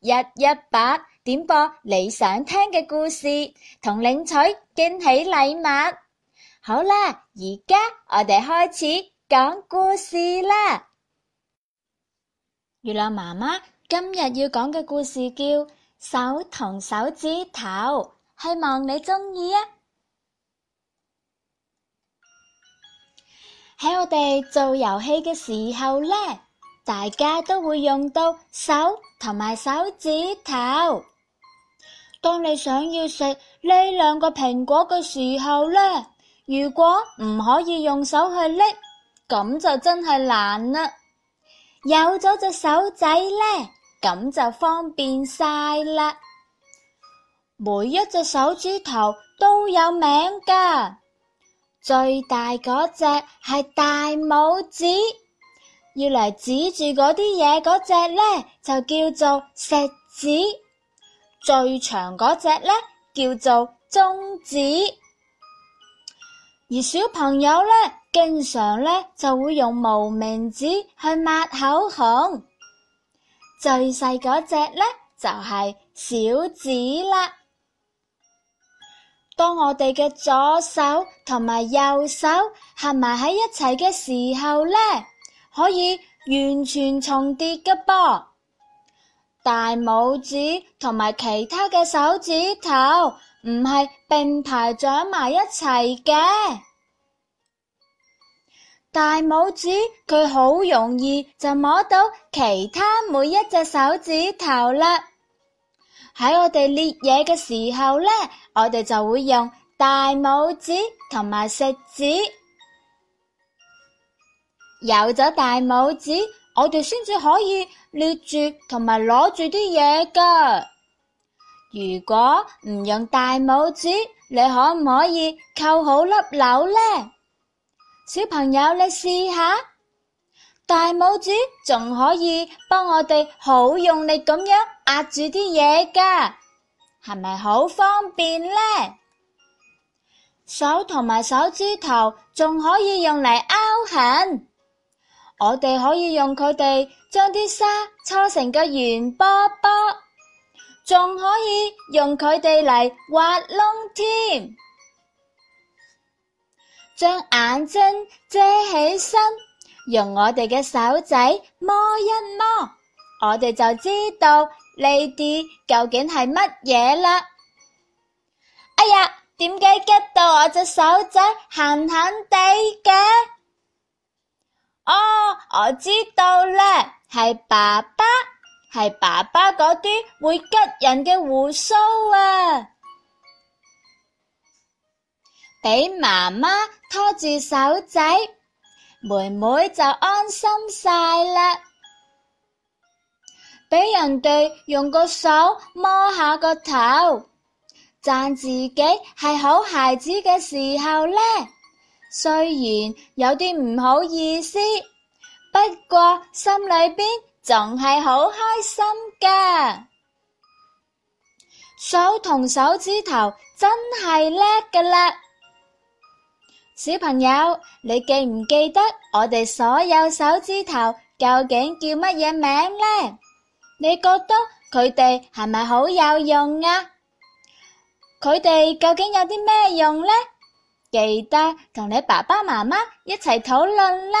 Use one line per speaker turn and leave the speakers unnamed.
日一一八點播你想聽嘅故事，同領取驚喜禮物。好啦，而家我哋開始講故事啦。月亮媽媽今日要講嘅故事叫《手同手指頭》，希望你鍾意啊！喺我哋做遊戲嘅時候呢。大家都會用到手同埋手指頭。當你想要食呢兩個蘋果嘅時候呢，如果唔可以用手去拎，咁就真係難啦。有咗隻手仔呢，咁就方便晒啦。每一隻手指頭都有名噶，最大嗰隻係大拇指。要嚟指住嗰啲嘢，嗰隻呢，就叫做食指，最長嗰隻呢，叫做中指，而小朋友呢，經常呢，就會用無名指去抹口紅，最細嗰隻呢，就係、是、小指啦。當我哋嘅左手同埋右手合埋喺一齊嘅時候呢。可以完全重疊嘅噃，大拇指同埋其他嘅手指頭唔係並排長埋一齊嘅。大拇指佢好容易就摸到其他每一隻手指頭啦。喺我哋捏嘢嘅時候呢，我哋就會用大拇指同埋食指。有咗大拇指，我哋先至可以捏住同埋攞住啲嘢噶。如果唔用大拇指，你可唔可以扣好粒鈕呢？小朋友，你試下。大拇指仲可以幫我哋好用力咁樣壓住啲嘢噶，係咪好方便呢？手同埋手指頭仲可以用嚟勾痕。我哋可以用佢哋將啲沙搓成個圓波波，仲可以用佢哋嚟挖窿添。將眼睛遮起身，用我哋嘅手仔摸一摸，我哋就知道呢啲究竟係乜嘢啦。哎呀，點解吉到我隻手仔痕痕哋嘅？我知道喇，係爸爸，係爸爸嗰啲會拮人嘅鬍鬚啊。俾媽媽拖住手仔，妹妹就安心晒啦。俾人哋用個手摸下個頭，讚自己係好孩子嘅時候呢，雖然有啲唔好意思，不過心裏邊仲係好開心㗎，手同手指頭真係叻噶啦！小朋友，你記唔記得我哋所有手指頭究竟叫乜嘢名呢？你覺得佢哋係咪好有用啊？佢哋究竟有啲咩用呢？記得同你爸爸媽媽一齊討論啦！